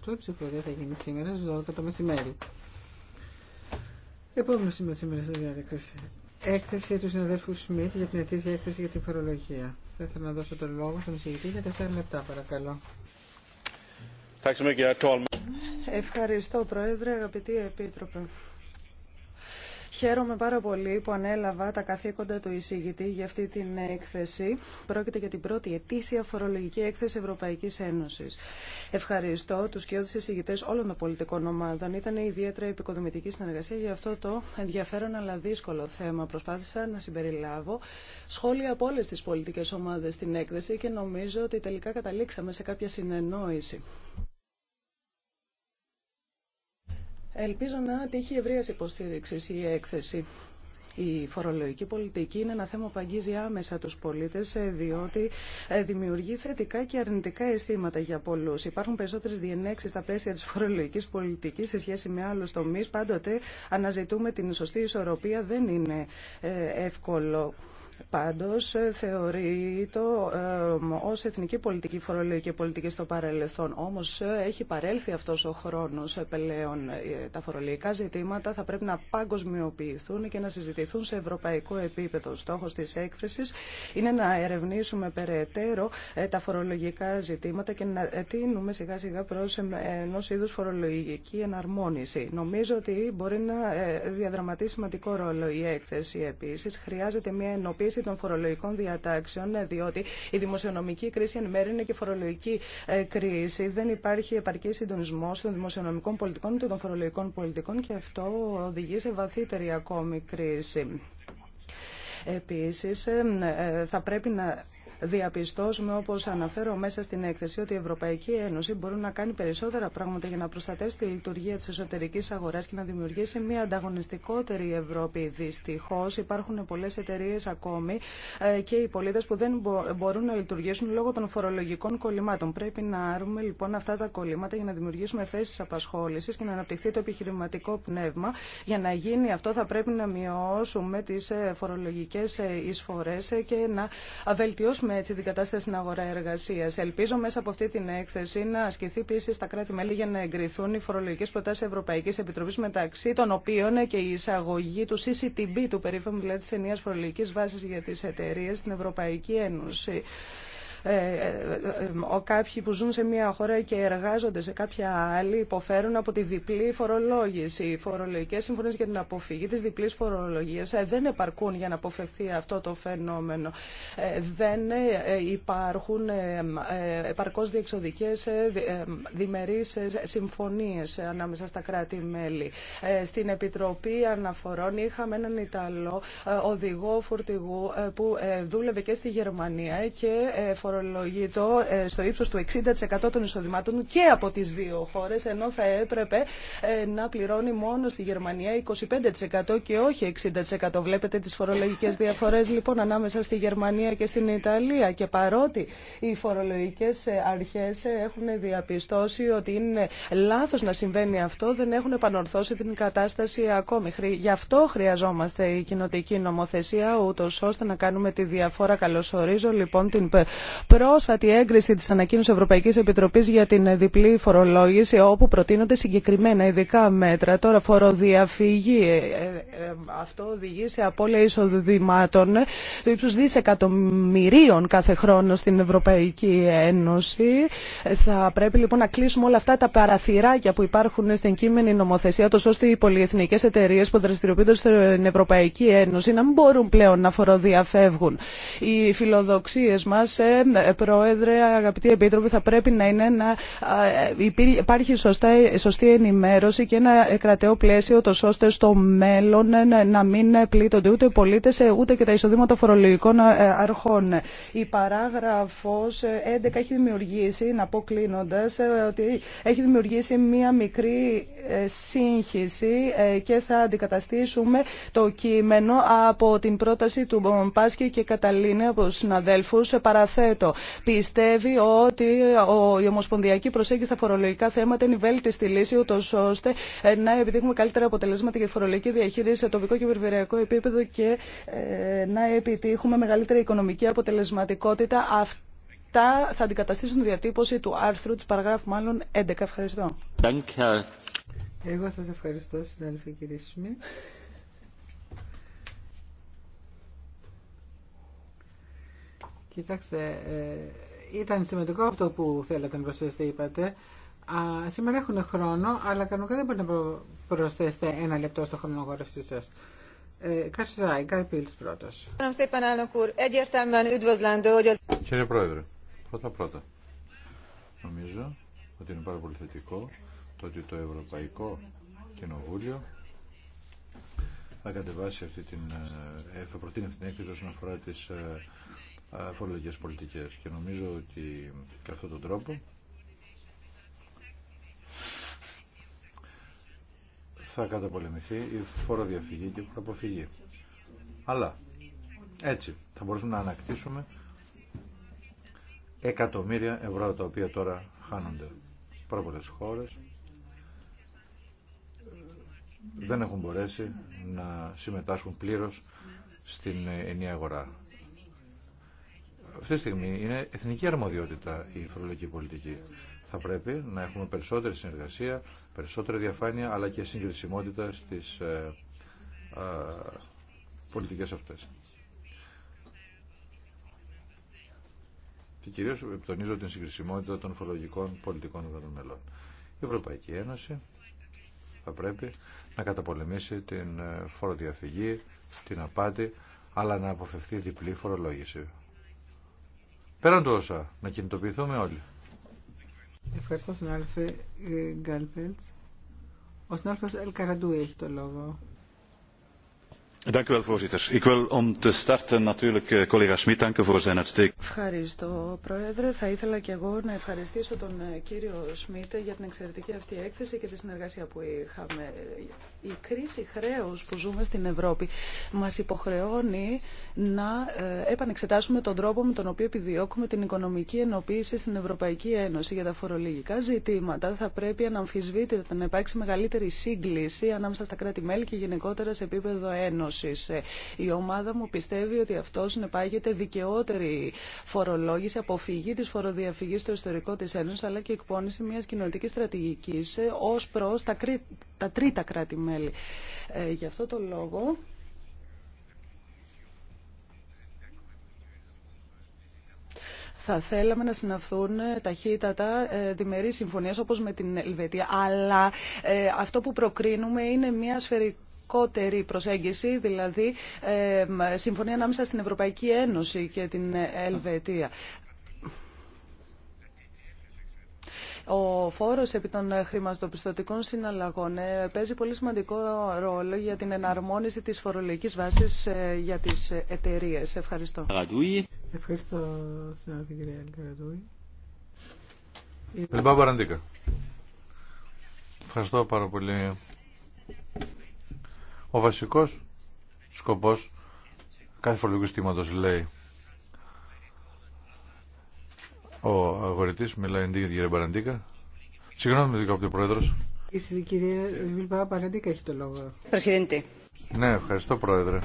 αυτό η ψηφορία θα γίνει σήμερα στις 12 το μεσημέρι. Επόμενο σήμερα σήμερα στη διάλεξη. Έκθεση του συναδέλφου Σμιτ για την ετήσια έκθεση για την φορολογία. Θα ήθελα να δώσω τον λόγο στον εισηγητή για 4 λεπτά, παρακαλώ. Ευχαριστώ, Πρόεδρε, αγαπητοί Επίτροπε. Χαίρομαι πάρα πολύ που ανέλαβα τα καθήκοντα του εισηγητή για αυτή την έκθεση. Πρόκειται για την πρώτη ετήσια φορολογική έκθεση Ευρωπαϊκή Ένωση. Ευχαριστώ του και όλους εισηγητές όλων των πολιτικών ομάδων. Ήταν ιδιαίτερα επικοδομητική συνεργασία για αυτό το ενδιαφέρον αλλά δύσκολο θέμα. Προσπάθησα να συμπεριλάβω σχόλια από όλε τι πολιτικέ ομάδε στην έκθεση και νομίζω ότι τελικά καταλήξαμε σε κάποια συνεννόηση. Ελπίζω να τύχει ευρεία υποστήριξη η έκθεση. Η φορολογική πολιτική είναι ένα θέμα που αγγίζει άμεσα τους πολίτες ε, διότι ε, δημιουργεί θετικά και αρνητικά αισθήματα για πολλούς. Υπάρχουν περισσότερες διενέξεις στα πλαίσια της φορολογικής πολιτικής σε σχέση με άλλους τομείς. Πάντοτε αναζητούμε την σωστή ισορροπία. Δεν είναι ε, εύκολο. Πάντως ε, θεωρεί το ε, ως εθνική πολιτική φορολογική πολιτική στο παρελθόν. Όμως ε, έχει παρέλθει αυτός ο χρόνος πλέον. Τα φορολογικά ζητήματα θα πρέπει να παγκοσμιοποιηθούν και να συζητηθούν σε ευρωπαϊκό επίπεδο. Στόχος της έκθεσης είναι να ερευνήσουμε περαιτέρω τα φορολογικά ζητήματα και να τίνουμε σιγά σιγά προς ενός είδους φορολογική εναρμόνιση. Νομίζω ότι μπορεί να διαδραματίσει σημαντικό ρόλο η έκθεση επίση. Χρειάζεται μια ενοποίηση κρίση των φορολογικών διατάξεων, ε, διότι η δημοσιονομική κρίση εν μέρει είναι και φορολογική ε, κρίση. Δεν υπάρχει επαρκή συντονισμό των δημοσιονομικών πολιτικών και των φορολογικών πολιτικών και αυτό οδηγεί σε βαθύτερη ακόμη κρίση. Επίσης, ε, θα πρέπει να διαπιστώσουμε, όπω αναφέρω μέσα στην έκθεση, ότι η Ευρωπαϊκή Ένωση μπορεί να κάνει περισσότερα πράγματα για να προστατεύσει τη λειτουργία τη εσωτερική αγορά και να δημιουργήσει μια ανταγωνιστικότερη Ευρώπη. Δυστυχώ υπάρχουν πολλέ εταιρείε ακόμη ε, και οι πολίτε που δεν μπορούν να λειτουργήσουν λόγω των φορολογικών κολλημάτων. Πρέπει να άρουμε λοιπόν αυτά τα κολλήματα για να δημιουργήσουμε θέσει απασχόληση και να αναπτυχθεί το επιχειρηματικό πνεύμα. Για να γίνει αυτό θα πρέπει να μειώσουμε τι ε, φορολογικέ ε, εισφορέ και να βελτιώσουμε με έτσι την κατάσταση στην αγορά εργασία. Ελπίζω μέσα από αυτή την έκθεση να ασκηθεί πίεση στα κράτη-μέλη για να εγκριθούν οι φορολογικέ προτάσει Ευρωπαϊκή Επιτροπή, μεταξύ των οποίων και η εισαγωγή του CCTB, του περίφημου δηλαδή τη ενιαία φορολογική βάση για τι εταιρείε στην Ευρωπαϊκή Ένωση. Ε, ε, ε, κάποιοι που ζουν σε μια χώρα και εργάζονται σε κάποια άλλη υποφέρουν από τη διπλή φορολόγηση. Οι φορολογικέ συμφωνίε για την αποφυγή τη διπλή φορολογία δεν επαρκούν για να αποφευθεί αυτό το φαινόμενο. Δεν υπάρχουν επαρκώς διεξοδικές διμερείς συμφωνίες ανάμεσα στα κράτη-μέλη. Στην Επιτροπή Αναφορών είχαμε έναν Ιταλό οδηγό φορτηγού που δούλευε και στη Γερμανία και ε, στο ύψος του 60% των εισοδημάτων και από τις δύο χώρες, ενώ θα έπρεπε ε, να πληρώνει μόνο στη Γερμανία 25% και όχι 60%. Βλέπετε τις φορολογικές διαφορές λοιπόν ανάμεσα στη Γερμανία και στην Ιταλία και παρότι οι φορολογικές ε, αρχές έχουν διαπιστώσει ότι είναι λάθος να συμβαίνει αυτό, δεν έχουν επανορθώσει την κατάσταση ακόμη. Γι' αυτό χρειαζόμαστε η κοινοτική νομοθεσία, ούτω ώστε να κάνουμε τη διαφορά. Καλωσορίζω λοιπόν την πρόσφατη έγκριση τη ανακοίνωσης Ευρωπαϊκή Επιτροπή για την διπλή φορολόγηση όπου προτείνονται συγκεκριμένα ειδικά μέτρα. Τώρα φοροδιαφύγη, ε, ε, ε, αυτό οδηγεί σε απώλεια εισοδημάτων του ύψου δισεκατομμυρίων κάθε χρόνο στην Ευρωπαϊκή Ένωση. Θα πρέπει λοιπόν να κλείσουμε όλα αυτά τα παραθυράκια που υπάρχουν στην κείμενη νομοθεσία, τόσο ώστε οι πολυεθνικέ εταιρείε που δραστηριοποιούνται στην Ευρωπαϊκή Ένωση να μην μπορούν πλέον να φοροδιαφεύγουν. Οι φιλοδοξίε μα ε, πρόεδρε, αγαπητοί Επίτροποι, θα πρέπει να είναι να ε, υπάρχει σωστά, σωστή ενημέρωση και ένα ε, κρατεό πλαίσιο, τόσο ώστε στο μέλλον να μην πλήττονται ούτε οι πολίτε ούτε και τα εισοδήματα φορολογικών αρχών. Η παράγραφο 11 έχει δημιουργήσει, να πω κλείνοντα, ότι έχει δημιουργήσει μία μικρή σύγχυση και θα αντικαταστήσουμε το κείμενο από την πρόταση του Μπομπάσκη και Καταλίνε από συναδέλφου. Παραθέτω Πιστεύει ότι η ομοσπονδιακή προσέγγιση στα φορολογικά θέματα είναι η βέλτιστη λύση, ούτω ώστε ε, να επιτύχουμε καλύτερα αποτελέσματα για φορολογική διαχείριση σε τοπικό και περιφερειακό επίπεδο και ε, να επιτύχουμε μεγαλύτερη οικονομική αποτελεσματικότητα. Αυτά θα αντικαταστήσουν διατύπωση του άρθρου τη παραγράφου μάλλον 11. Ευχαριστώ. Εγώ σας ευχαριστώ, συνάδελφε κύριε Κοιτάξτε, ε, ήταν σημαντικό αυτό που θέλατε να προσθέσετε, είπατε. Α, σήμερα έχουν χρόνο, αλλά κανονικά δεν μπορείτε να προσθέσετε ένα λεπτό στο χρόνο αγόρευσή σα. Κασουζάη, πίλτ Πίλ πρώτο. Κύριε Πρόεδρε, πρώτα-πρώτα. Νομίζω ότι είναι πάρα πολύ θετικό το ότι το Ευρωπαϊκό Κοινοβούλιο θα κατεβάσει αυτή την, ε, προτείνει αυτή την έκθεση όσον αφορά τις ε, φορολογικές πολιτικές και νομίζω ότι και αυτόν τον τρόπο θα καταπολεμηθεί η φοροδιαφυγή και η φοροαποφυγή. Αλλά έτσι θα μπορούσαμε να ανακτήσουμε εκατομμύρια ευρώ τα οποία τώρα χάνονται. Πάρα πολλές χώρες δεν έχουν μπορέσει να συμμετάσχουν πλήρως στην ενιαία αγορά. Αυτή τη στιγμή είναι εθνική αρμοδιότητα η φορολογική πολιτική. Θα πρέπει να έχουμε περισσότερη συνεργασία, περισσότερη διαφάνεια, αλλά και συγκρισιμότητα στις ε, ε, πολιτικές αυτές. Και κυρίως επιτονίζω την συγκρισιμότητα των φορολογικών πολιτικών των μελών. Η Ευρωπαϊκή Ένωση θα πρέπει να καταπολεμήσει την ε, φοροδιαφυγή, την απάτη, αλλά να αποφευθεί διπλή φορολόγηση. Πέραν του όσα, να κινητοποιηθούμε όλοι. Ευχαριστώ, συνάδελφε ε, Γκάλπελτ. Ο συνάδελφο Ελκαραντού έχει το λόγο. Ευχαριστώ, Πρόεδρε. Θα ήθελα και εγώ να ευχαριστήσω τον ε, κύριο Σμίτε για την εξαιρετική αυτή έκθεση και τη συνεργασία που είχαμε. Η κρίση χρέους που ζούμε στην Ευρώπη μας υποχρεώνει να ε, επανεξετάσουμε τον τρόπο με τον οποίο επιδιώκουμε την οικονομική ενοποίηση στην Ευρωπαϊκή Ένωση για τα φορολογικά ζητήματα. Θα πρέπει να αναμφισβήτητα να υπάρξει μεγαλύτερη σύγκληση ανάμεσα στα κράτη-μέλη και γενικότερα σε επίπεδο Ένωση. Ε, η ομάδα μου πιστεύει ότι αυτό συνεπάγεται δικαιότερη φορολόγηση, αποφυγή της φοροδιαφυγής στο ιστορικό της Ένωσης, αλλά και εκπόνηση μιας κοινωνική στρατηγικής ε, ως προς τα, τρίτα κράτη-μέλη. Ε, γι' αυτό το λόγο θα θέλαμε να συναυθούν ε, ταχύτατα διμερείς συμφωνίες όπως με την Ελβετία. Αλλά αυτό που προκρίνουμε είναι μια σφαιρική γενικότερη προσέγγιση, δηλαδή συμφωνία ανάμεσα στην Ευρωπαϊκή Ένωση και την Ελβετία. Ο φόρο επί των χρηματοπιστωτικών συναλλαγών ε, παίζει πολύ σημαντικό ρόλο για την εναρμόνιση τη φορολογική βάση ε, για τι εταιρείε. Ευχαριστώ. Ευχαριστώ, συνάδελφοι, κύριε Αλκαρατούη. Ευχαριστώ πάρα πολύ, ο βασικός σκοπός κάθε φορολογικού στήματος λέει ο αγορητής μιλάει εντύπωση για την Παραντίκα. Συγγνώμη με δικαπτή πρόεδρος. Η κυρία Βιλπά Παραντίκα έχει το λόγο. Ναι, ευχαριστώ πρόεδρε.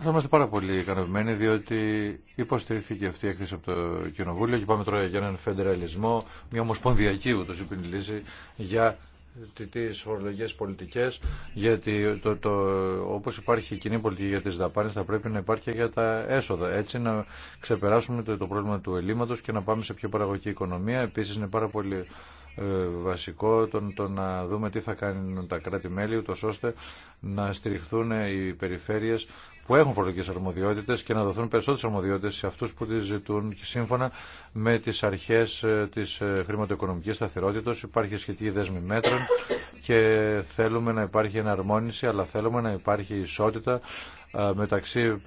Θα είμαστε πάρα πολύ ικανοποιημένοι διότι υποστηρίχθηκε αυτή η έκθεση από το Κοινοβούλιο και πάμε τώρα για έναν φεντεραλισμό, μια ομοσπονδιακή ούτως η λύση για τις φορολογικές πολιτικές γιατί το, το, όπως υπάρχει κοινή πολιτική για τις δαπάνες θα πρέπει να υπάρχει για τα έσοδα έτσι να ξεπεράσουμε το, το πρόβλημα του ελλείμματος και να πάμε σε πιο παραγωγική οικονομία επίσης είναι πάρα πολύ ε, βασικό το, το να δούμε τι θα κάνουν τα κράτη-μέλη ούτως ώστε να στηριχθούν οι περιφέρειες που έχουν φορολογικές αρμοδιότητες και να δοθούν περισσότερες αρμοδιότητες σε αυτούς που τις ζητούν και σύμφωνα με τις αρχές ε, της ε, χρηματοοικονομικής σταθερότητας υπάρχει σχετική δέσμη μέτρων και θέλουμε να υπάρχει εναρμόνιση αλλά θέλουμε να υπάρχει ισότητα μεταξύ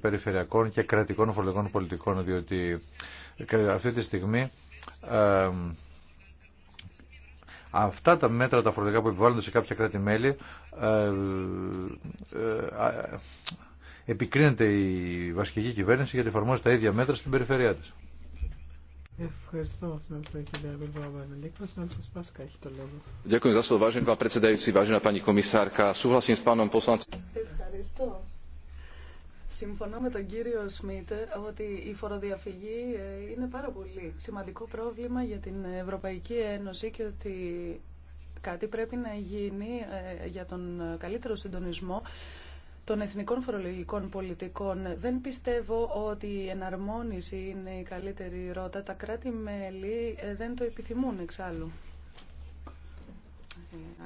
περιφερειακών και κρατικών φορολογικών πολιτικών διότι αυτή τη στιγμή Αυτά τα μέτρα τα φορολογικά που επιβάλλονται σε κάποια κράτη-μέλη ε, ε, ε, επικρίνεται η βασική κυβέρνηση γιατί εφαρμόζει τα ίδια μέτρα στην περιφερειά της. Συμφωνώ με τον κύριο Σμιτ ότι η φοροδιαφυγή ε, είναι πάρα πολύ σημαντικό πρόβλημα για την Ευρωπαϊκή Ένωση και ότι κάτι πρέπει να γίνει ε, για τον καλύτερο συντονισμό των εθνικών φορολογικών πολιτικών. Δεν πιστεύω ότι η εναρμόνιση είναι η καλύτερη ρότα. Τα κράτη-μέλη ε, δεν το επιθυμούν εξάλλου.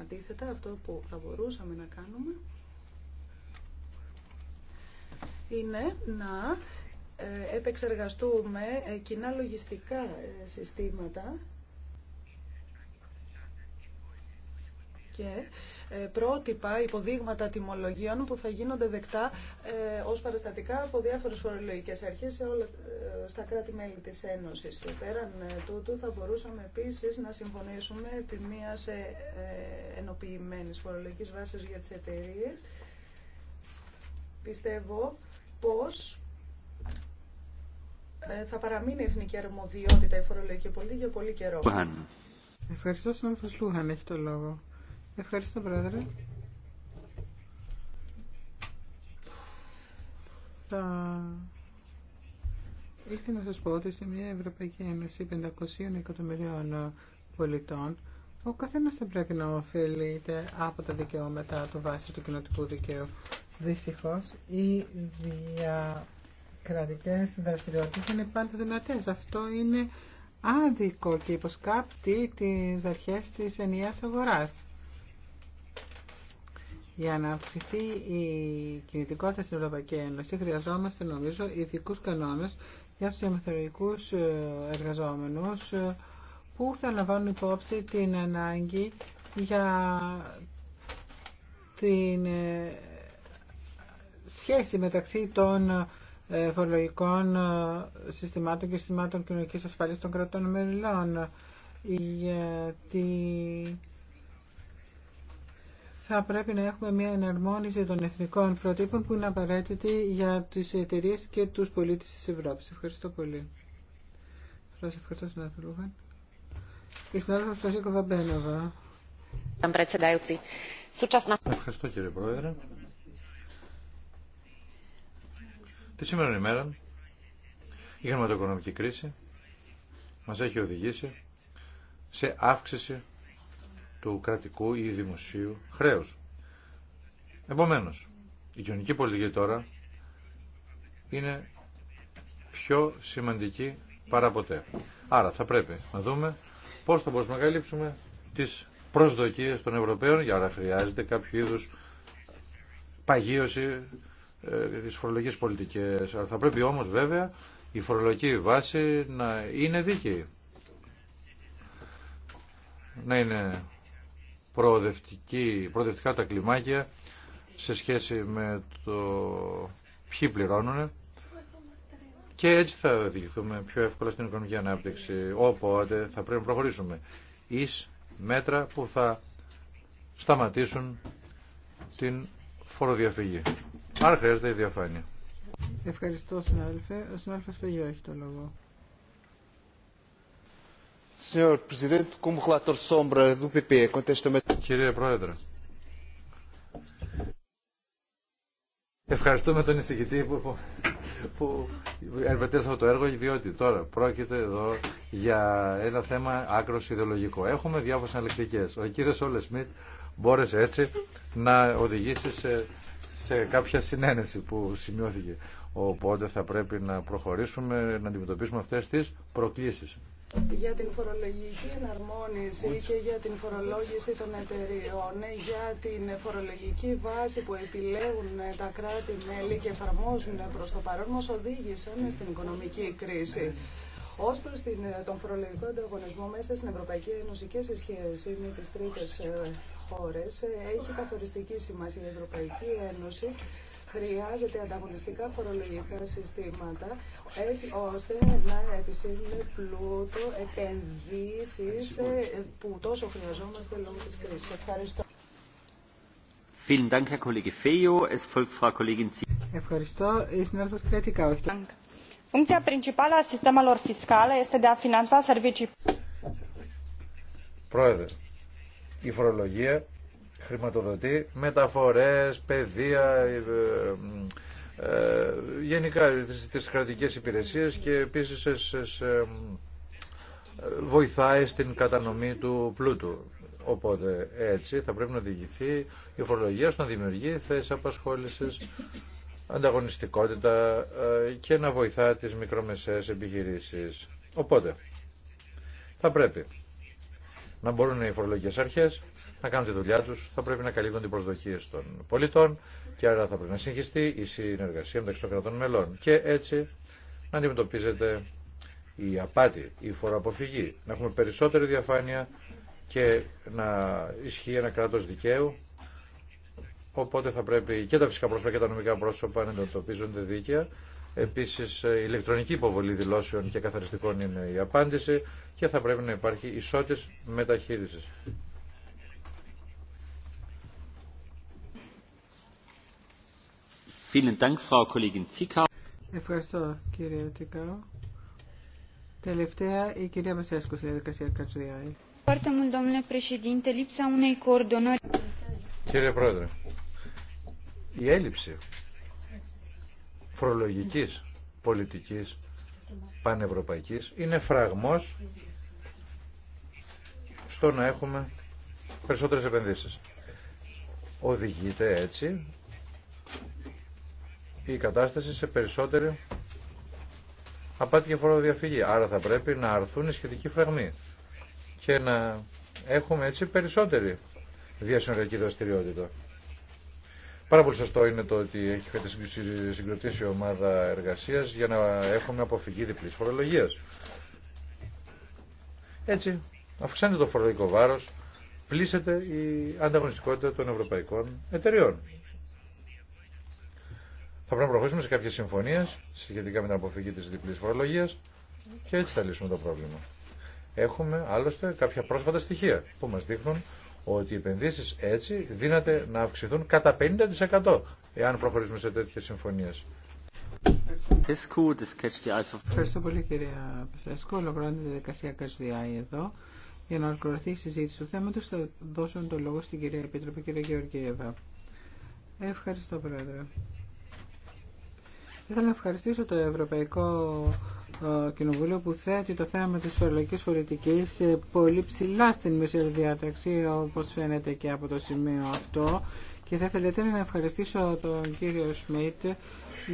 Αντίθετα, αυτό που θα μπορούσαμε να κάνουμε είναι να ε, επεξεργαστούμε ε, κοινά λογιστικά ε, συστήματα και πρότυπα, υποδείγματα τιμολογίων που θα γίνονται δεκτά ως παραστατικά από διάφορες φορολογικές αρχές σε όλα, στα κράτη-μέλη της Ένωσης. Πέραν τούτου θα μπορούσαμε επίσης να συμφωνήσουμε επί μιας ενοποιημένης φορολογικής βάσης για τις εταιρείε. Πιστεύω πώς ε, θα παραμείνει εθνική αρμοδιότητα η φορολογική πολιτική για πολύ καιρό. Ευχαριστώ, συνάδελφος Λούχαν έχει το λόγο. Ευχαριστώ, πρόεδρε. Θα... Ήθελα να σας πω ότι σε μια Ευρωπαϊκή Ένωση 500 εκατομμυρίων πολιτών ο καθένας θα πρέπει να ωφελείται από τα δικαιώματα του βάση του κοινοτικού δικαίου. Δυστυχώς οι διακρατικές δραστηριότητες είναι πάντα δυνατές. Αυτό είναι άδικο και υποσκάπτει τις αρχές της ενιαίας αγοράς. Για να αυξηθεί η κινητικότητα στην Ευρωπαϊκή Ένωση χρειαζόμαστε νομίζω ειδικού κανόνες για τους διαμεθοριακούς ε, εργαζόμενους ε, που θα λαμβάνουν υπόψη την ανάγκη για την ε, σχέση μεταξύ των ε, φορολογικών ε, συστημάτων και συστημάτων κοινωνική ασφαλής των κρατών μελών γιατί θα πρέπει να έχουμε μια εναρμόνιση των εθνικών προτύπων που είναι απαραίτητη για τις εταιρείε και τους πολίτες της Ευρώπης. Ευχαριστώ πολύ. ευχαριστώ Ευχαριστώ κύριε Πρόεδρε. Τη σήμερα ημέρα η χρηματοοικονομική κρίση μας έχει οδηγήσει σε αύξηση του κρατικού ή δημοσίου χρέους. Επομένως, η κοινωνική πολιτική τώρα είναι πιο σημαντική παρά ποτέ. Άρα θα πρέπει να δούμε πώς θα μπορούμε να καλύψουμε τις προσδοκίες των Ευρωπαίων, για να χρειάζεται κάποιο είδους παγίωση ε, τις φορολογικές πολιτικές. Αλλά θα πρέπει όμως βέβαια η φορολογική βάση να είναι δίκαιη. Να είναι προοδευτικά τα κλιμάκια σε σχέση με το ποιοι πληρώνουν και έτσι θα διηγηθούμε πιο εύκολα στην οικονομική ανάπτυξη. Οπότε θα πρέπει να προχωρήσουμε εις μέτρα που θα σταματήσουν την φοροδιαφυγή. Άρα χρειάζεται η διαφάνεια. Ευχαριστώ, συνάδελφε. Ο συνάδελφος Φεγιό έχει το λόγο. E, Κύριε Πρόεδρε, ευχαριστούμε τον εισηγητή που, που αυτό το έργο, διότι τώρα πρόκειται εδώ για ένα θέμα άκρο ιδεολογικό. Έχουμε διάφορε αναλεκτικές. Ο κύριος Όλε Σμιτ μπόρεσε έτσι να οδηγήσει σε, κάποια συνένεση που σημειώθηκε. Οπότε θα πρέπει να προχωρήσουμε να αντιμετωπίσουμε αυτές τις προκλήσεις για την φορολογική εναρμόνιση και για την φορολόγηση των εταιριών, για την φορολογική βάση που επιλέγουν τα κράτη-μέλη και εφαρμόζουν προς το παρόν, μας οδήγησαν στην οικονομική κρίση. Ω προ τον φορολογικό ανταγωνισμό μέσα στην Ευρωπαϊκή Ένωση και σε σχέση με τι τρίτε ε, χώρες. Ε, έχει καθοριστική σημασία η Ευρωπαϊκή Ένωση χρειάζεται ανταγωνιστικά φορολογικά συστήματα έτσι ώστε να επισύνουν πλούτο επενδύσεις ε, που τόσο χρειαζόμαστε λόγω της κρίσης. Ευχαριστώ. Ευχαριστώ. Η συνάδελφος Κρέτικα, όχι. Funcția principală a sistemelor fiscale este de a finanța servicii. Πρόεδρε, η φορολογία χρηματοδοτεί μεταφορές, παιδεία, ε, ε, γενικά τις κρατικές υπηρεσίες και επίσης ε, βοηθάει στην κατανομή του πλούτου. Οπότε έτσι θα πρέπει να οδηγηθεί η φορολογία να δημιουργεί θέσεις απασχόλησης, ανταγωνιστικότητα και να βοηθά τις μικρομεσαίες επιχειρήσεις. Οπότε θα πρέπει να μπορούν οι φορολογικέ αρχές να κάνουν τη δουλειά τους, θα πρέπει να καλύπτουν τις προσδοκίε των πολιτών και άρα θα πρέπει να συγχυστεί η συνεργασία μεταξύ των κρατών μελών και έτσι να αντιμετωπίζεται η απάτη, η φοροαποφυγή, να έχουμε περισσότερη διαφάνεια και να ισχύει ένα κράτος δικαίου Οπότε θα πρέπει και τα φυσικά πρόσωπα και τα νομικά πρόσωπα να εντοπίζονται δίκαια Επίση, η ε, ηλεκτρονική υποβολή δηλώσεων και καθαριστικών είναι η απάντηση και θα πρέπει να υπάρχει ισότη μεταχείριση. Ευχαριστώ κύριε Τσικάου. Τελευταία η κυρία Μεσέσκου στη διαδικασία Κατσουδιάη. Κύριε Πρόεδρε, η έλλειψη προλογικής πολιτικής πανευρωπαϊκής είναι φραγμός στο να έχουμε περισσότερες επενδύσεις. Οδηγείται έτσι η κατάσταση σε περισσότερη απάτη και φοροδιαφυγή. Άρα θα πρέπει να αρθούν οι σχετικοί φραγμοί και να έχουμε έτσι περισσότερη διασυνοριακή δραστηριότητα. Πάρα πολύ σωστό είναι το ότι έχει συγκροτήσει η ομάδα εργασίας για να έχουμε αποφυγή διπλής φορολογίας. Έτσι, αυξάνεται το φορολογικό βάρος, πλήσεται η ανταγωνιστικότητα των ευρωπαϊκών εταιριών. Θα πρέπει να προχωρήσουμε σε κάποιες συμφωνίες σχετικά με την αποφυγή της διπλής φορολογίας και έτσι θα λύσουμε το πρόβλημα. Έχουμε άλλωστε κάποια πρόσφατα στοιχεία που μας δείχνουν ότι οι επενδύσει έτσι δύναται να αυξηθούν κατά 50% εάν προχωρήσουμε σε τέτοιες συμφωνίε. Ευχαριστώ πολύ κυρία Πεσέσκο. Ολοκληρώνεται η διαδικασία Κασδιάη εδώ. Για να ολοκληρωθεί η συζήτηση του θέματος θα δώσω το λόγο στην κυρία Επίτροπη, κυρία Γεωργίευα. Ευχαριστώ Πρόεδρε. Ήθελα να ευχαριστήσω το Ευρωπαϊκό Κοινοβούλιο που θέτει το θέμα της φορολογικής φορητικής ε, πολύ ψηλά στην μεσαιοδιάταξη όπως φαίνεται και από το σημείο αυτό και θα ήθελα να ευχαριστήσω τον κύριο Σμιτ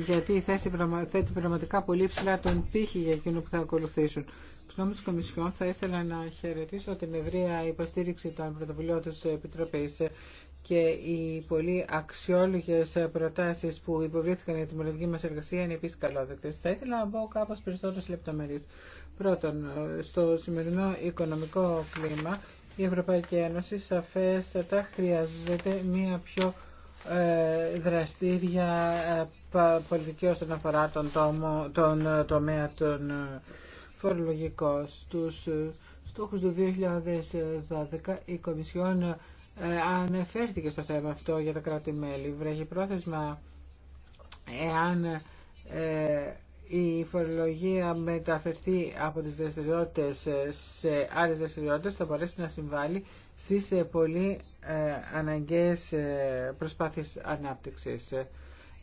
γιατί η θέτει πραγματικά πολύ ψηλά τον πύχη για εκείνο που θα ακολουθήσουν. νόμο της Κομισιόν, θα ήθελα να χαιρετήσω την ευρεία υποστήριξη των πρωτοβουλίων τη Επιτροπή και οι πολύ αξιόλογες προτάσεις που υποβλήθηκαν για τη μελλοντική μας εργασία είναι επίσης καλόδεκτες. Θα ήθελα να μπω κάπως περισσότερες λεπτομέρειες. Πρώτον, στο σημερινό οικονομικό κλίμα η Ευρωπαϊκή Ένωση σαφέστατα χρειάζεται μια πιο ε, δραστήρια ε, πολιτική όσον αφορά τον, τόμο, τον ε, τομέα των φορολογικών. Στους στόχους του 2012 η Κομισιόν ε, αναφέρθηκε στο θέμα αυτό για τα κράτη-μέλη. Βρέχει πρόθεσμα εάν ε, η φορολογία μεταφερθεί από τις δραστηριότητε σε άλλες δραστηριότητε θα μπορέσει να συμβάλλει στις ε, πολύ αναγκαίες προσπάθειες ανάπτυξης.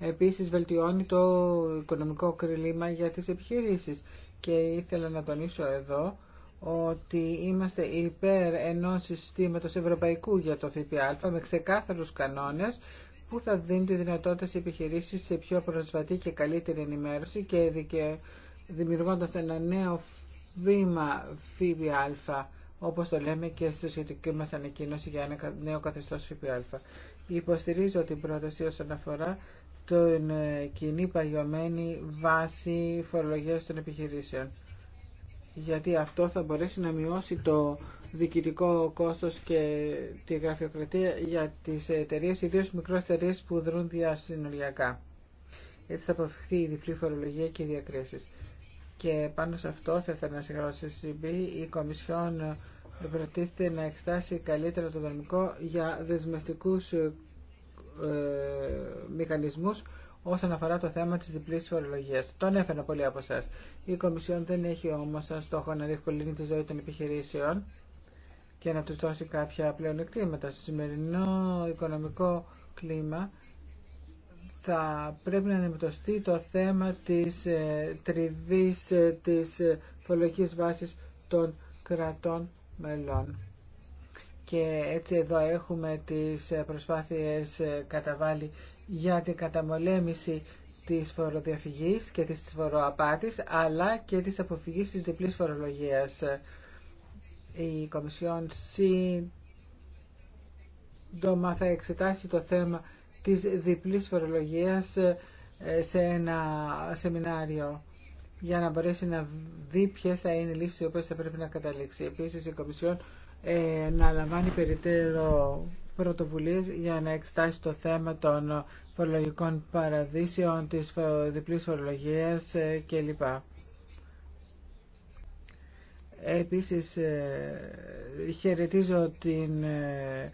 Επίσης βελτιώνει το οικονομικό κρυλήμα για τις επιχειρήσεις και ήθελα να τονίσω εδώ ότι είμαστε υπέρ ενός συστήματος ευρωπαϊκού για το ΦΠΑ με ξεκάθαρους κανόνες που θα δίνουν τη δυνατότητα σε επιχειρήσεις σε πιο προσβατή και καλύτερη ενημέρωση και δημιουργώντας ένα νέο βήμα ΦΠΑ όπως το λέμε και στη σχετική μας ανακοίνωση για ένα νέο καθεστώς ΦΠΑ. Υποστηρίζω την πρόταση όσον αφορά την ε, κοινή παγιωμένη βάση φορολογίας των επιχειρήσεων γιατί αυτό θα μπορέσει να μειώσει το διοικητικό κόστος και τη γραφειοκρατία για τις εταιρείες, ιδίως μικρές εταιρείες που δρούν διασυνοριακά. Έτσι θα αποφευχθεί η διπλή φορολογία και οι διακρίσεις. Και πάνω σε αυτό θα ήθελα να συγχαρώ στη CB. Η Κομισιόν προτίθεται να εξτάσει καλύτερα το δομικό για δεσμευτικούς ε, μηχανισμούς όσον αφορά το θέμα τη διπλή φορολογία. Τον έφερα πολύ από εσά. Η Κομισιόν δεν έχει όμω σαν στόχο να διευκολύνει τη ζωή των επιχειρήσεων και να του δώσει κάποια πλεονεκτήματα. Στο σημερινό οικονομικό κλίμα θα πρέπει να αντιμετωπιστεί το θέμα τη ε, τριβής ε, της ε, φορολογικής βάσης των κρατών μελών. Και έτσι εδώ έχουμε τις ε, προσπάθειες ε, καταβάλει για την καταμολέμηση της φοροδιαφυγής και της φοροαπάτης, αλλά και της αποφυγής της διπλής φορολογίας. Η Κομισιόν σύντομα θα εξετάσει το θέμα της διπλής φορολογίας ε, σε ένα σεμινάριο για να μπορέσει να δει ποιε θα είναι οι λύσεις οι οποίες θα πρέπει να καταλήξει. Επίσης η Κομισιόν ε, να λαμβάνει περιττέρω πρωτοβουλίες για να εξτάσει το θέμα των φορολογικών παραδείσεων, της διπλής φορολογίας ε, κλπ. Επίσης ε, χαιρετίζω την ε,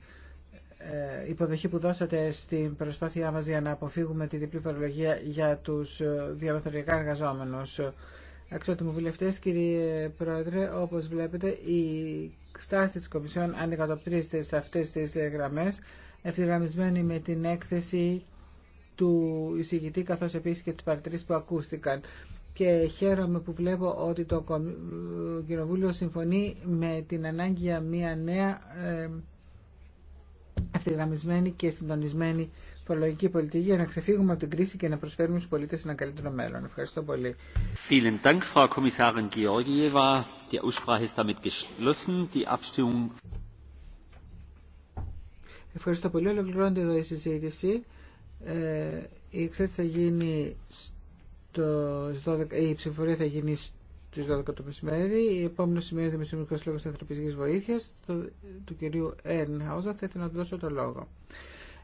υποδοχή που δώσατε στην προσπάθειά μας για να αποφύγουμε τη διπλή φορολογία για τους διαμεθοριακά εργαζόμενους. Αξιότιμοι βουλευτέ, κύριε Πρόεδρε, όπω βλέπετε, η στάση τη Κομισιόν αντικατοπτρίζεται σε αυτέ τι γραμμέ, ευθυγραμμισμένη με την έκθεση του εισηγητή, καθώ επίση και τι παρατηρήσει που ακούστηκαν. Και χαίρομαι που βλέπω ότι το Κοινοβούλιο συμφωνεί με την ανάγκη για μια νέα ε, ευθυγραμμισμένη και συντονισμένη φορολογική πολιτική για να ξεφύγουμε από την κρίση και να προσφέρουμε στους πολίτες ένα καλύτερο μέλλον. Ευχαριστώ πολύ. Vielen Dank, Frau Kommissarin Georgieva. Die Die Aussprache ist damit geschlossen. Abstimmung... Ευχαριστώ πολύ. Ολοκληρώνεται εδώ η συζήτηση. Ε, η εξέταση θα γίνει στο 12, η ψηφορία θα γίνει στις 12 το μεσημέρι. Η επόμενη σημεία είναι ο Δημοσιονομικός Λόγος Ανθρωπιστικής Βοήθειας του, του κυρίου Έρν Χάουζα. Θα ήθελα να του δώσω το λόγο.